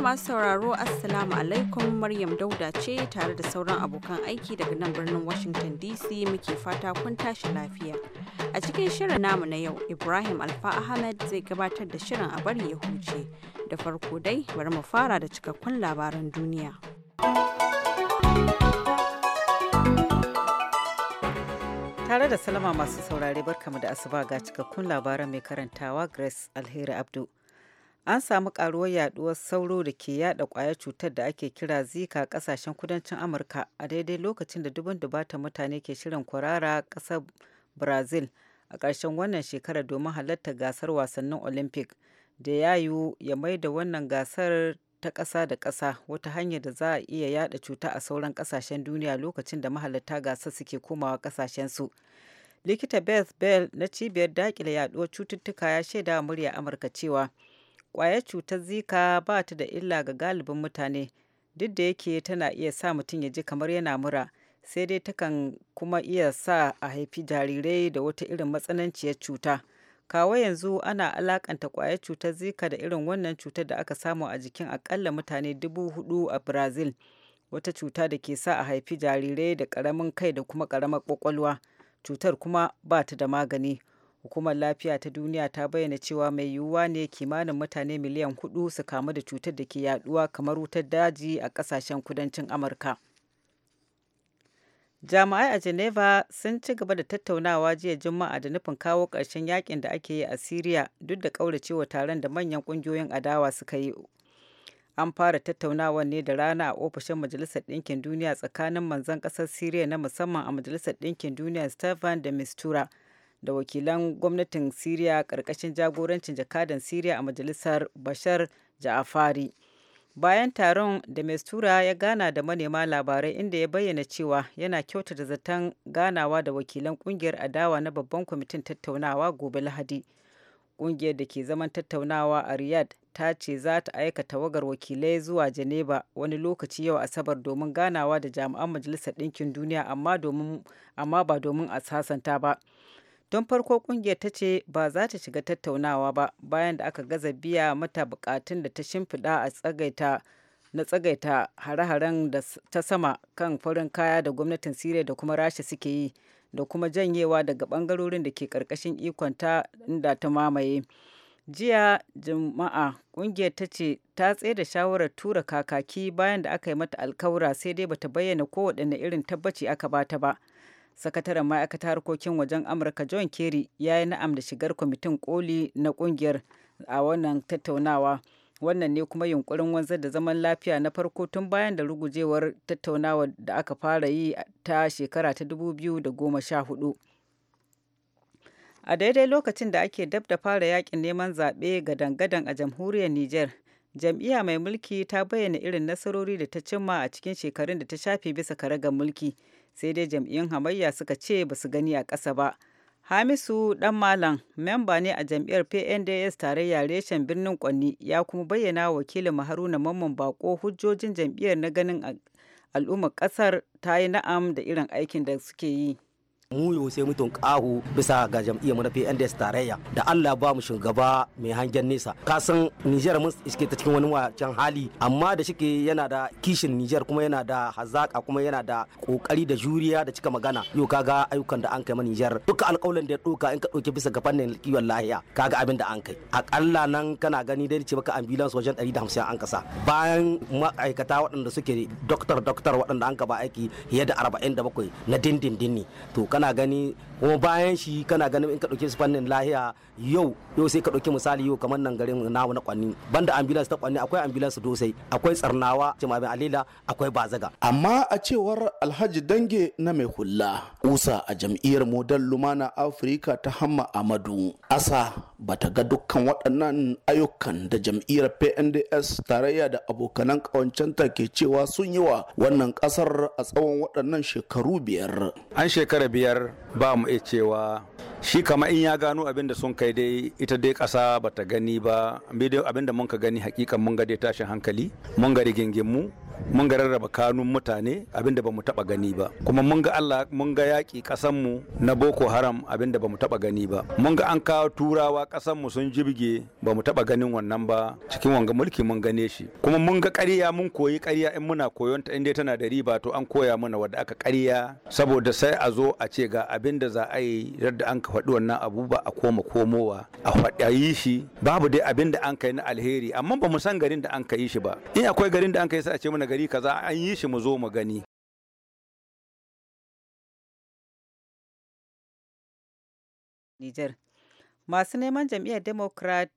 ma masu sauraro Assalamu alaikum Maryam Dauda ce tare da sauran abokan aiki daga nan birnin Washington DC muke fata kun tashi lafiya. A cikin shirin namu na yau, Ibrahim Alfa Ahmed zai gabatar da shirin a bari ya huce. Da farko dai bari mu fara da cikakkun labaran duniya. Tare da salama masu saurare barkamu da asuba ga cikakkun labaran mai karantawa Grace Alheri Abdu. an samu karuwar yaduwar sauro da ke yada kwayar cutar da ake kira zika kasashen kudancin amurka a daidai lokacin da dubin dubata mutane ke shirin kwarara kasar brazil a ƙarshen wannan shekarar domin halartar gasar wasannin olympic da ya yiwu ya mai da wannan gasar ta ƙasa da ƙasa wata hanyar da za a iya yada cuta a sauran ƙasashen duniya lokacin da mahalarta gasar suke komawa ƙasashen su likita beth bell na cibiyar daƙile yaduwar cututtuka ya shaida murya amurka cewa Ƙwayar cutar Zika ba ta da illa ga galibin mutane, duk da yake tana iya sa mutum ya ji kamar yana mura, sai dai takan kuma iya sa a haifi jarirai da wata irin matsananciyar cuta. Kawo yanzu ana alakanta ƙwayar cutar Zika da irin wannan cutar da aka samu a jikin akalla mutane dubu hudu a Brazil, wata cuta da ke sa a haifi jarirai da ƙaramin kai da kuma ƙaramar ƙwaƙwalwa. Cutar kuma ba ta da magani. Hukumar Lafiya ta Duniya ta bayyana cewa mai yiwuwa ne kimanin mutane miliyan hudu su kamu da cutar da ke yaduwa kamar wutar daji a kasashen kudancin Amurka. Jami'ai a Geneva sun ci gaba da tattaunawa jiya Juma'a da nufin kawo ƙarshen yakin da ake yi a Siriya duk da ƙauracewa taron da manyan ƙungiyoyin adawa suka yi. An fara tattaunawa ne da rana a ofishin Majalisar Ɗinkin Duniya tsakanin manzan ƙasar Siriya na musamman a Majalisar Ɗinkin Duniya Stefan de Mistura. da wakilan gwamnatin Siriya ƙarƙashin jagorancin jakadan Siriya a majalisar Bashar Ja'afari. Bayan taron da Mestura ya gana da manema labarai inda ya bayyana cewa yana kyauta da zaton ganawa da wakilan kungiyar adawa na babban kwamitin tattaunawa gobe Lahadi. Kungiyar da ke zaman tattaunawa a Riyadh ta ce za ta aika tawagar wakilai zuwa Geneva wani lokaci yau Asabar domin ganawa da jami'an Majalisar Ɗinkin Duniya amma ba domin a sasanta ba. Don farko kungiyar ta ce ba za ta shiga tattaunawa ba bayan da aka gaza biya mata bukatun da ta shimfiɗa a tsagaita na tsagaita hare-haren da ta sama kan farin kaya da gwamnatin Siriya da kuma Rasha suke yi da kuma janyewa daga bangarorin da ke karkashin ikonta inda ta mamaye. Jiya Juma'a kungiyar ta ce ta tsaye da shawarar tura kakaki bayan da aka yi mata alkawura sai dai bata bayyana kowaɗanne irin tabbaci aka bata ba. sakataren ma'aikata harkokin wajen amurka john kerry ya yi na'am da shigar kwamitin koli na kungiyar a wannan tattaunawa wannan ne kuma yunkurin wanzar da zaman lafiya na farko tun bayan da rugujewar tattaunawa da aka fara yi ta shekara ta 2014 a daidai lokacin da ake dab da fara yakin neman zaɓe ga dangadan a jamhuriyar niger jam'iyya mai mulki ta bayyana irin nasarori da ta cimma a cikin shekarun da ta shafe bisa karagar mulki mulki sai dai jam'iyyun hamayya suka ce ba su gani a ƙasa ba hamisu dan malam memba ne a jam'iyyar pnds tarayya reshen birnin kwanni ya kuma bayyana wakilin haruna mamman bako hujjojin jam'iyyar na ganin al'ummar ƙasar ta yi na'am da irin aikin da suke yi mu yau sai mutum kahu bisa ga jam'iyyar mu na PNDS tarayya da Allah ba mu shugaba mai hangen nesa ka san Niger mun iske ta cikin wani wacan hali amma da shike yana da kishin Niger kuma yana da hazaka kuma yana da kokari da juriya da cika magana yau kaga ayyukan da an kai ma Niger duka alƙawlan da ya doka in ka doke bisa ga fannin kiwon lahiya kaga abin da an kai akalla nan kana gani dai ce baka ambulance wajen 150 an kasa bayan ma'aikata waɗanda suke doktor doktor waɗanda an ka ba aiki fiye da 47 na dindindin ne to kana gani kuma bayan shi kana ganin in ka ɗauke su fannin lahiya yau yau sai ka ɗauki misali yau kamar nan garin namu na kwanni banda ambulance ta kwanni akwai ambulance dosai akwai tsarnawa bin alila akwai bazaga amma a cewar alhaji dange na mai hula usa a jam'iyyar modal lumana afirka ta hamma amadu asa ba ta ga dukkan waɗannan ayyukan da jam'iyyar pnds tarayya da abokanan ƙawancenta ke cewa sun yi wa wannan ƙasar a tsawon waɗannan shekaru biyar an shekara biyar ba mu iya cewa shi kama in ya gano abin da sun kai dai ita dai ƙasa ba ta gani ba abin da mun ka gani hakikan mun ga dai tashin hankali mun ga mu mun ga rarraba kanun mutane abin da ba mu taɓa gani ba kuma mun ga Allah mun ga yaƙi ƙasanmu na Boko Haram abin da ba mu taɓa gani ba mun ga an kawo turawa ƙasanmu sun jibge ba mu taɓa ganin wannan ba cikin wanga mulki mun gane shi kuma mun ga ƙarya mun koyi ƙarya in muna koyon ta inda tana da riba to an koya mana wadda aka ƙarya saboda sai a zo a ce ga abin da za a yi yadda an ka faɗi wannan abu ba a koma komowa a faɗayi shi babu dai abin da an kai na alheri amma ba mu san garin da an kai shi ba in akwai garin da an kai sai a ce mana gari kaza an yi shi mu zo mu gani Nijar. Masu neman jam'iyyar Democrat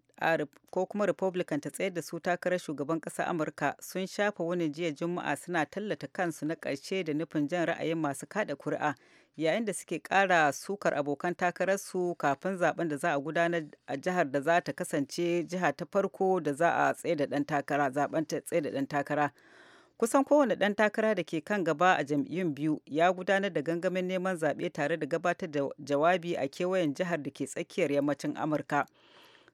ko kuma Republican ta tsayar da su takarar shugaban kasa Amurka sun shafa wani jiya Juma'a suna tallata kansu na karshe da nufin jan ra'ayin masu kada kuri'a yayin da suke kara sukar abokan takararsu kafin zaben da za a gudanar a jihar da za ta kasance jiha ta farko da za a tsaida dan takara zaben ta tsaida ɗan takara kusan kowane ɗan takara da ke kan gaba a jam'iyyun biyu ya gudanar da gangamin neman zaɓe tare da gabatar da jawabi a kewayen jihar da ke tsakiyar yammacin amurka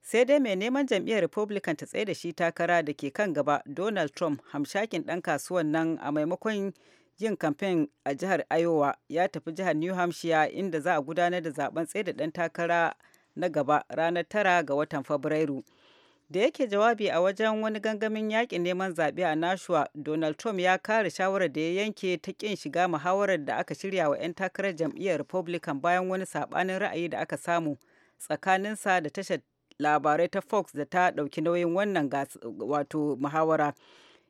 sai dai mai neman jam'iyyar republican ta tsaye da shi takara da ke kan gaba donald trump hamshakin dan kasuwan nan a maimakon yin kamfen a jihar Iowa ya tafi jihar New Hampshire inda za a gudanar da zaben da ɗan takara na gaba ranar tara ga watan Fabrairu. Da yake jawabi a wajen wani gangamin yakin neman zaɓe a Nashua, Donald Trump ya kare shawarar da ya yanke ta ƙin shiga muhawarar da aka shirya wa 'yan takarar jam'iyyar Republican bayan wani saɓanin ra'ayi da aka samu tsakaninsa da tashar labarai ta Fox da ta ɗauki nauyin wannan wato muhawara.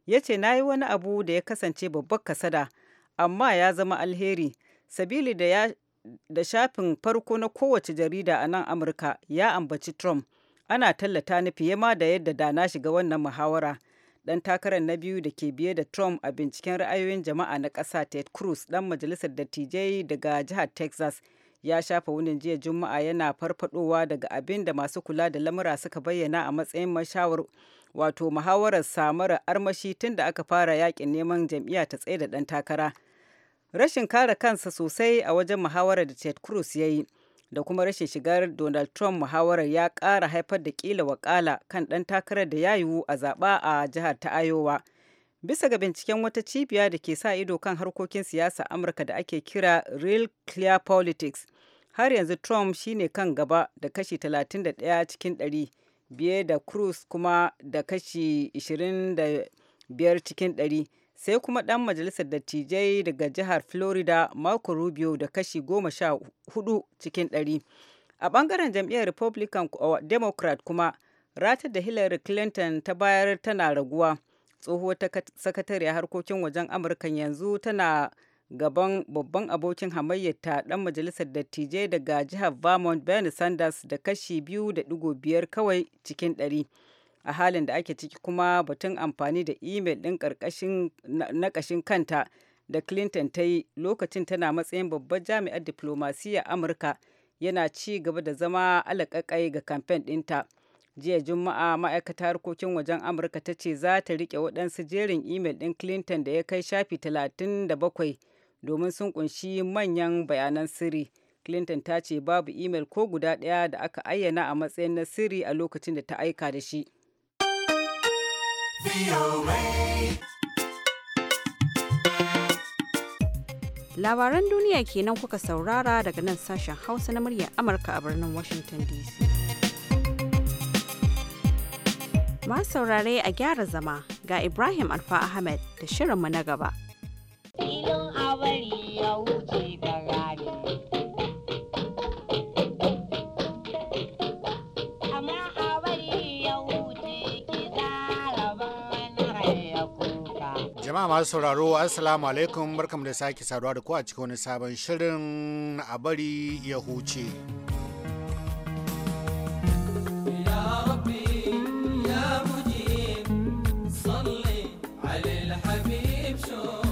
ya ce na yi wani abu da ya kasance babbar kasada amma ya zama alheri sabili da ya da shafin farko na kowace jarida a nan amurka ya ambaci trump ana tallata ni fiye ma da yadda da na shiga wannan muhawara dan takarar na biyu da ke biye da trump a binciken ra'ayoyin jama'a na ƙasa ted cruz dan majalisar dattijai daga jihar texas ya shafa wunin jiya juma'a yana farfadowa daga abin da masu kula da lamura suka bayyana a matsayin mashawar. wato muhawarar samar armashi tun da aka fara yakin neman jam'iyya ta tsaye da ɗan takara rashin kare kansa sosai a wajen muhawarar da ted cruz ya yi da kuma rashin shigar donald trump muhawarar ya ƙara haifar da ƙila wakala kan ɗan takarar da ya yiwu a zaɓa a jihar ta ayowa. bisa ga binciken wata cibiya da ke sa ido kan harkokin siyasa amurka da ake kira real clear politics har yanzu trump shine kan gaba da kashi 31 cikin 100 biye da Cruz kuma da kashi 25 cikin 100, sai kuma dan majalisar dattijai daga jihar Florida Marco Rubio da kashi 14 cikin 100. A bangaren jam'iyyar Republican Democrat kuma, ratar da Hillary Clinton ta bayar tana raguwa. Tsohuwar sakatare harkokin wajen Amurka yanzu tana gaban babban abokin hamayyata dan majalisar dattijai daga jihar vermont bernie sanders da kashi biyu da digo biyar kawai cikin ɗari a halin da ake ciki kuma batun amfani da imel ɗin na ƙashin kanta da clinton ta yi lokacin tana matsayin babbar jami'ar diplomasiyyar amurka yana ci gaba da zama alaƙaƙai ga kamfen ɗinta jiya juma'a ma'aikata harkokin wajen amurka ta ce za ta riƙe waɗansu jerin imel ɗin clinton da ya kai shafi 37 domin sun kunshi manyan bayanan sirri. Clinton ta ce babu imel ko guda ɗaya da aka ayyana a matsayin na sirri a lokacin da ta aika da shi. Labaran duniya kenan kuka saurara daga nan sashen Hausa na muryar Amurka a birnin Washington DC. Masu saurare a gyara zama ga Ibrahim Alfa Ahmed da shirinmu na gaba. jama'a masu sauraro assalamu alaikum barkamu da sake saduwa da ku a cikin wani sabon shirin a bari ya huce Ya Mujib, salli Habib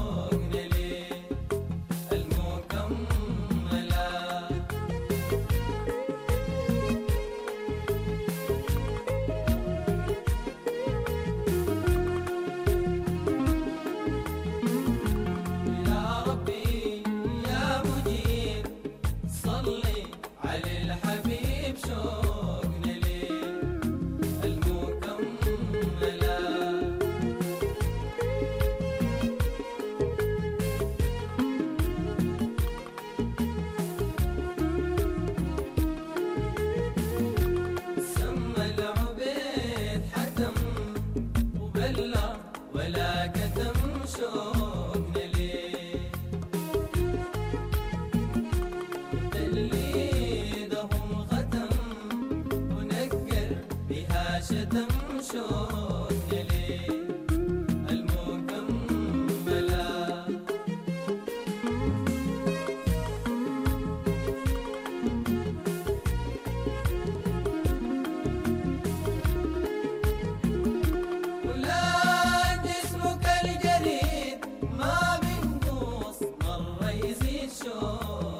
official.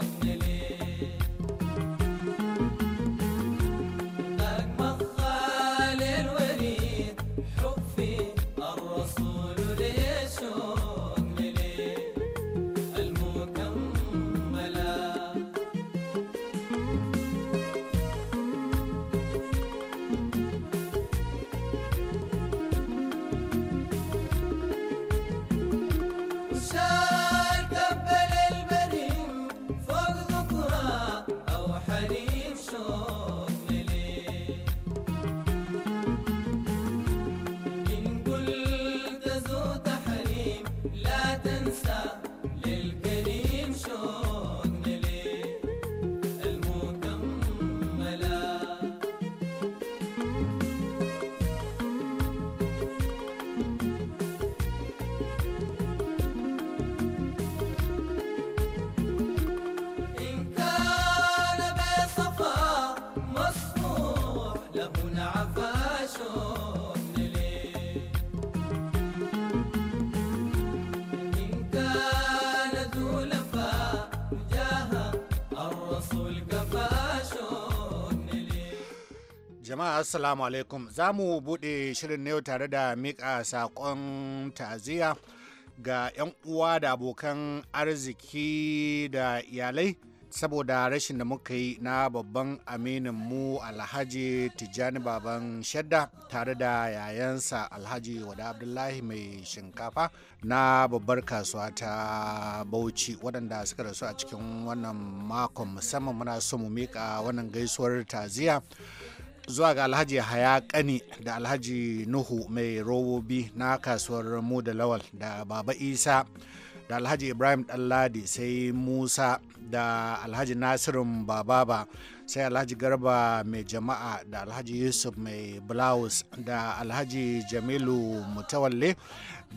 assalamu alaikum za mu buɗe shirin na yau tare da mika saƙon ta'aziyya ga 'yan uwa da abokan arziki da iyalai saboda rashin da muka yi na babban aminin mu alhaji tijjani baban shadda tare da yayansa alhaji wada abdullahi mai shinkafa na babbar kasuwa ta bauchi waɗanda suka rasu a cikin wannan makon musamman muna so mu mika wannan gaisuwar taziya zuwa ga alhaji haya kani da alhaji nuhu mai robobi na kasuwar mu da lawal da baba isa da alhaji ibrahim ɗanladi sai musa da alhaji nasirin bababa sai alhaji garba mai jama'a da alhaji yusuf mai blouse da alhaji jamilu mutawalle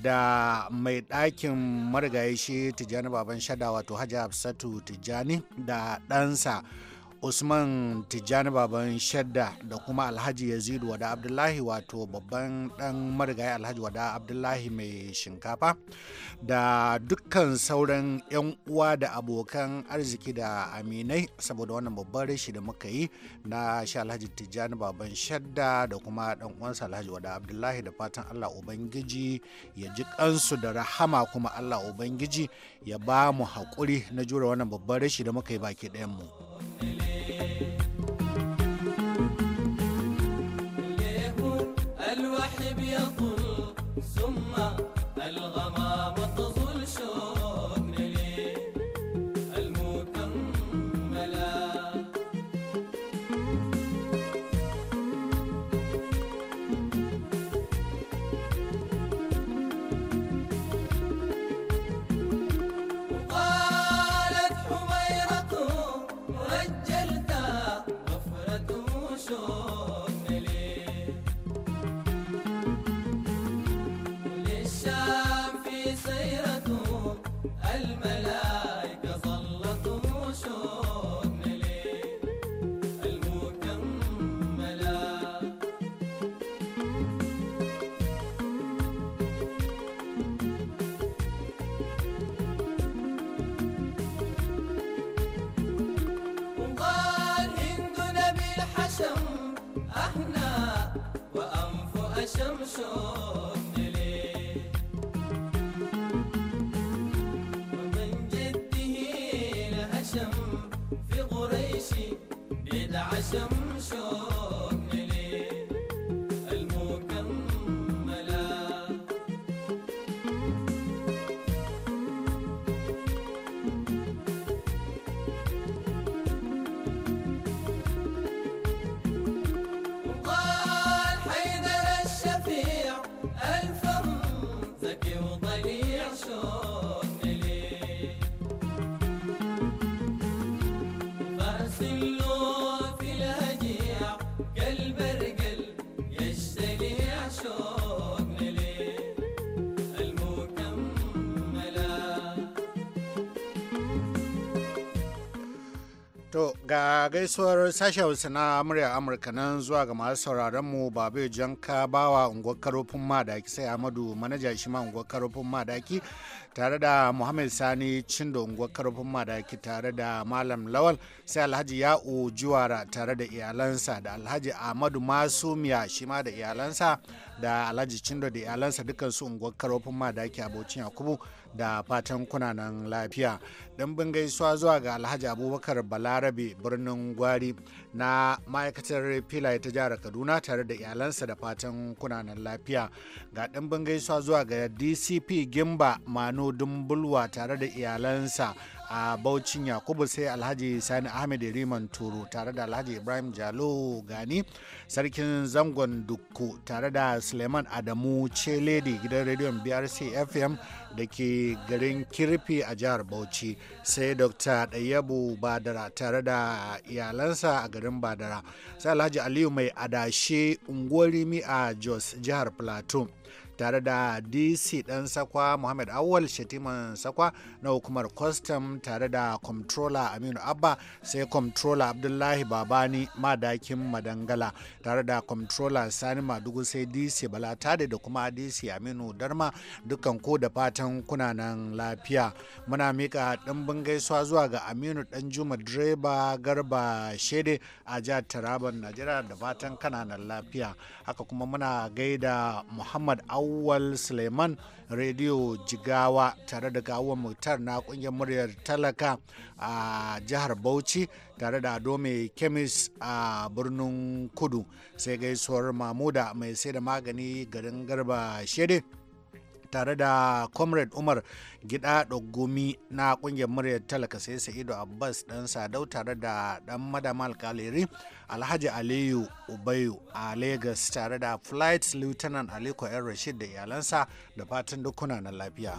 da mai ɗakin marigayi shi tijjani baban shada wato hajji hafsatu tijjani da ɗansa usman tijjani baban shadda da kuma alhaji yazidu wada abdullahi wato babban dan marigayi alhaji wada abdullahi mai shinkafa da dukkan sauran 'yan uwa da abokan arziki da aminai saboda wannan babban rashi da muka yi na shi alhaji tijjani baban shadda da kuma dan uwansa alhaji wada abdullahi da fatan allah ubangiji ya ji kansu da rahama kuma allah ubangiji ya ba mu haƙuri na jure wannan babban rashi da muka yi baki ɗayan mu. Lele. شمس الدليل ومن جده لهشم في قريش To ga gaisuwar sashe Hausa na murya Amurka nan zuwa ga masu sauraron mu Babe ka Bawa unguwar Karofin Madaki sai Amadu manaja shi ma unguwar Karofin Madaki tare da muhammad sani cindongo karfin madaki tare da malam lawal sai alhaji ya juwara tare da iyalansa da alhaji ahmadu masumiya shi ma da iyalansa da alhaji cindo da iyalansa dukkan su unguwar karfin madaki abocin yakubu da fatan kunanan lafiya bin gaisuwa zuwa ga alhaji abubakar balarabe birnin gwari na ma'aikatar filaye ta jihar kaduna tare da iyalansa da fatan kunanan lafiya ga ɗimbin gaisuwa zuwa ga dcp gimba manu dumbulwa tare da iyalansa a Baucin Yakubu sai Alhaji Sani Ahmed Riman turu tare da Alhaji Ibrahim Jalo Gani sarkin zangon Dukku tare da Suleiman Adamu Celedi gidan rediyon BRC FM da ke garin Kirfi a jihar Bauchi sai Dr. Dayabu Badara tare da iyalansa a garin Badara sai Alhaji Aliyu mai adashe unguwar Rimi a Jos jihar Plateau tare da dc dan sakwa mohamed awal shetiman sakwa na hukumar kwastam tare da comptroller aminu abba sai comptroller abdullahi babani madakin madangala tare da comptroller sani madugu sai dc bala balatade da kuma dc aminu darma dukkan ko da fatan kuna nan lafiya muna mika ɗimbin gaisuwa zuwa ga aminu juma direba garba shede a jihar taraban najeriya da fatan kana nan lafiya haka kuma muna gaida muhammad awal awwal suleiman rediyo jigawa tare da gawon mutar na kungiyar muryar talaka a jihar bauchi tare da ado mai kemis a birnin kudu sai gaisuwar mamuda mai sai da magani garin garba shede tare da comrade umar gida dogomi na kungiyar muryar talaka sai sa'ido abbas dan sadau tare da dan madama alkaliri alhaji aliyu ubayu a lagos tare da flight lieutenant aliko yan rashid da iyalansa da fatan dukuna na lafiya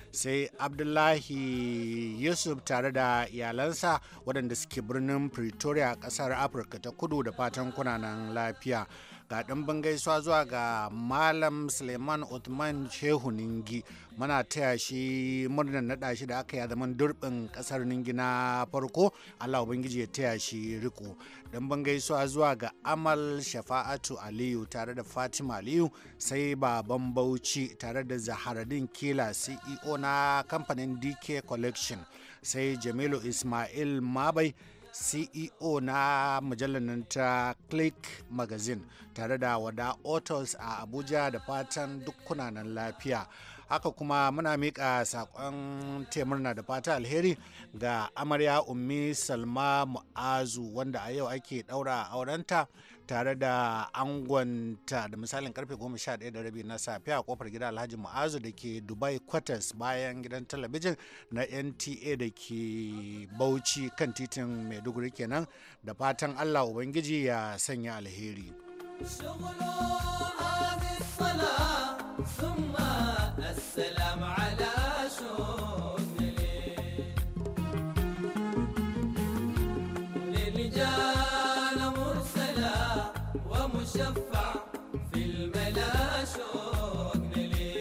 sai abdullahi yusuf tare da iyalansa waɗanda suke birnin pretoria ƙasar afirka ta kudu da fatan kunanan lafiya ga ɗan gaisuwa zuwa ga malam suleiman othman shehu ningi muna taya shi murnar naɗa shi da aka yi zaman durbin ƙasar ningi na farko allah ubangiji ya taya shi riko ɗan gaisuwa zuwa ga amal shafa'atu aliyu tare da fatima aliyu sai baban bauchi tare da zaharadin kila ceo na kamfanin dk collection sai jamilu ismail mabai ceo na mujallar nan ta click magazine tare da wada autos a abuja da fatan duk kunanan lafiya haka kuma muna miƙa saƙon temurna da fata alheri ga amarya ummi salma mu'azu wanda a yau ake ɗaura aurenta tare da angonta da misalin karfe 11 da rabi na safiya a kofar gida alhaji mu'azu da ke dubai quarters bayan gidan talabijin na nta da ke bauchi kan titin maiduguri kenan da fatan allah ubangiji ya sanya alheri ثم شوق لليل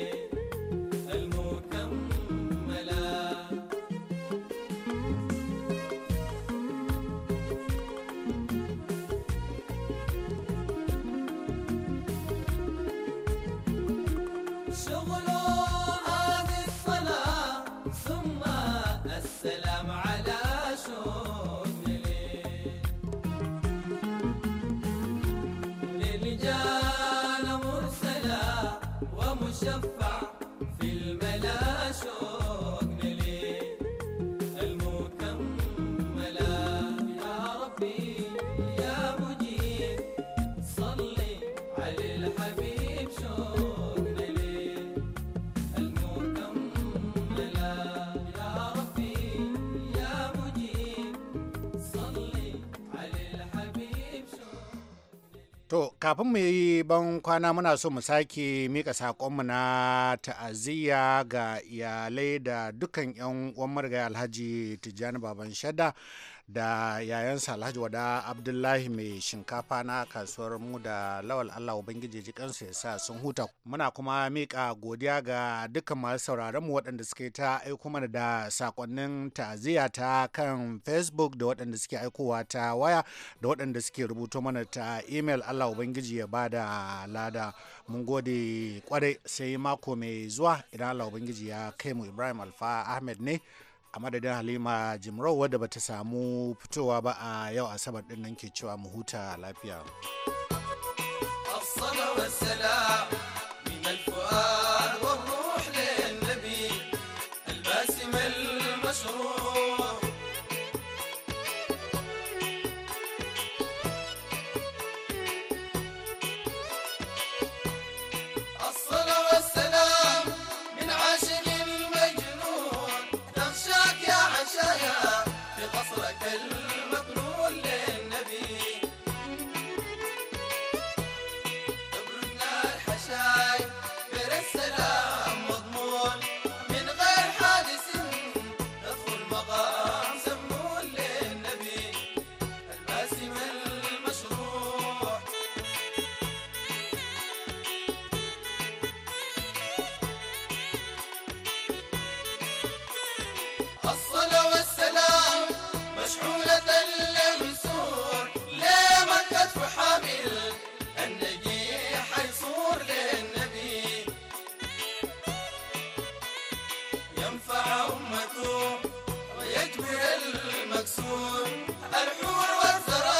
To, kafin mu yi ban kwana muna so mu sake mika saƙonmu na ta'aziyya ga iyalai da dukkan 'yan uwan marigayi Alhaji Tijjani Baban Shadda da yayansa alhaji wada abdullahi mai shinkafa na kasuwar mu da lawal allah ubangiji ji kansu ya sa sun huta muna kuma mika godiya ga dukkan masu sauraron mu waɗanda suke ta aiko mana da sakonnin ta'aziyya ta kan facebook da waɗanda suke aikowa ta waya da waɗanda suke rubuto mana ta email allah ubangiji ya ba da lada mun gode kwarai sai mako mai zuwa idan allah ubangiji ya kai mu ibrahim alfa ahmed ne a madadin halima jimrau wadda bata samu fitowa ba a yau asabar din nan ke cewa mu huta lafiya. ينفع أمته ويجبر المكسور الحور والثراء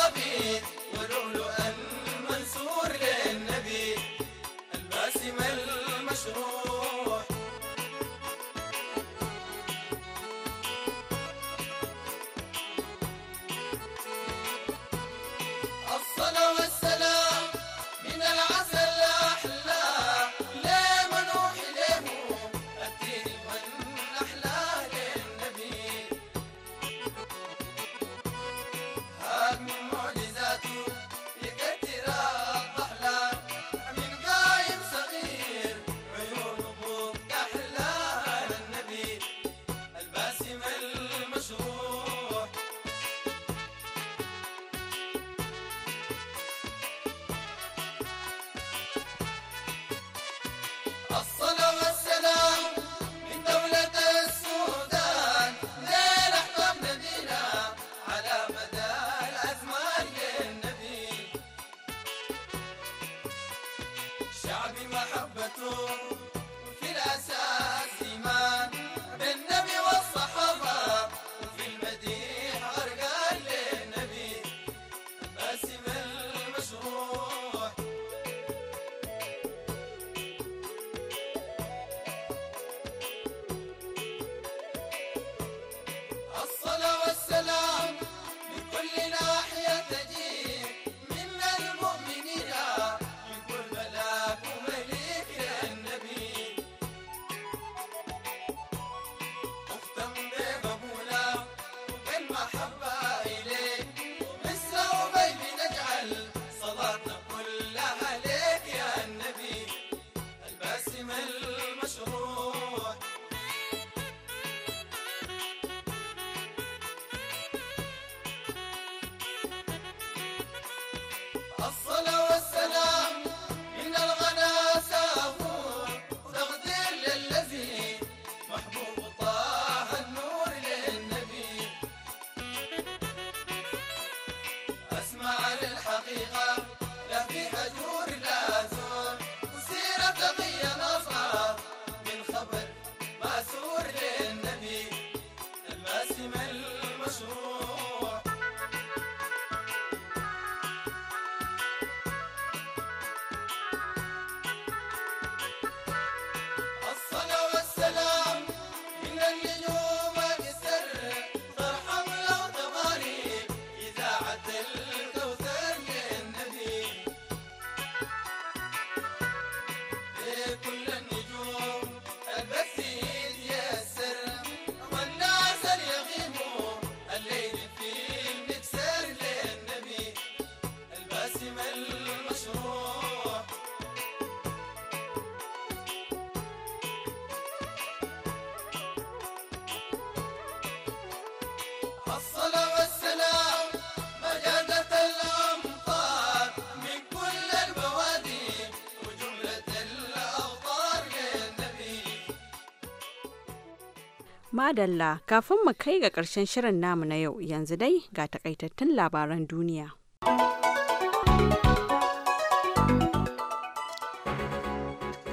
Madalla kafin mu kai ga ƙarshen shirin namu na yau yanzu dai ga takaitattun labaran duniya.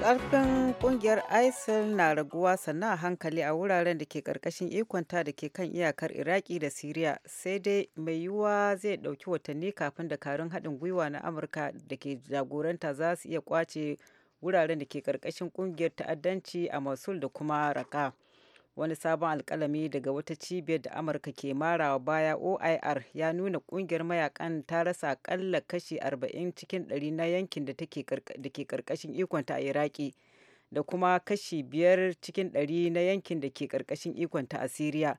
Ƙarfin ƙungiyar ISIL na raguwa sannan hankali a wuraren da ke ƙarƙashin ikonta da ke kan iyakar Iraki da Siriya sai dai mai yiwuwa zai ɗauki watanni kafin dakarun haɗin gwiwa na Amurka da ke jagoranta za su iya kwace wuraren da ke ƙarƙashin ƙungiyar ta'addanci a Mosul da kuma Raqqa. wani sabon alkalami daga wata cibiyar da amurka ke marawa baya oir ya nuna kungiyar mayakan ta rasa akalla kashi 40 cikin 100 na yankin da ke karkashin ikonta a iraki da kuma kashi 5 cikin 100 na yankin da ke karkashin ikonta a syria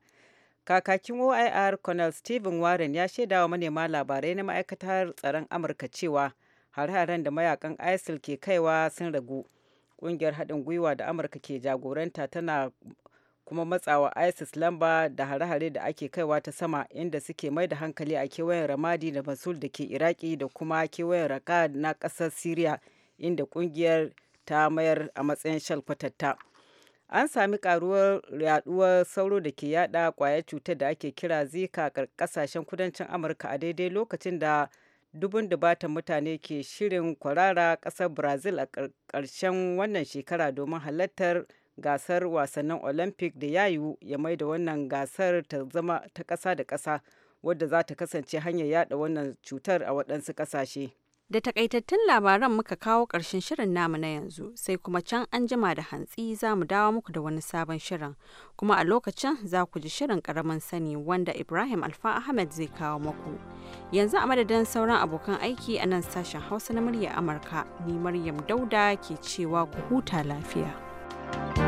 kakakin oir colonel stephen warren ya shaidawa manema labarai na ma'aikatar tsaron amurka cewa har haren da mayakan isil ke kaiwa sun ragu ƙungiyar haɗin gwiwa da amurka ke jagoranta tana kuma matsawa isis lamba da hare-hare da ake kaiwa ta sama inda suke mai da hankali a kewayen ramadi da masul da ke iraki da kuma kewayen raka na ƙasar syria inda ƙungiyar ta mayar a matsayin shalkwatatta an sami karuwar yaduwar sauro da ke yada kwayar cutar da ake kira zika a kasashen kudancin amurka a daidai lokacin da dubun dubatan mutane ke shirin kwarara kasar brazil a ƙarshen wannan shekara domin halartar gasar wasannin olympic da ya yiwu ya maida wannan gasar ta zama ta kasa da kasa wadda za ta kasance hanyar yada wannan cutar a waɗansu ƙasashe. Da takaitattun labaran muka kawo ƙarshen shirin namu na yanzu sai kuma can an jima da hantsi za mu dawo muku da wani sabon shirin kuma a lokacin za ku ji shirin ƙaramin sani wanda Ibrahim Alfa Ahmed zai kawo muku. Yanzu a madadin sauran abokan aiki a nan sashen Hausa na murya Amurka ni Maryam Dauda ke cewa ku huta lafiya. thank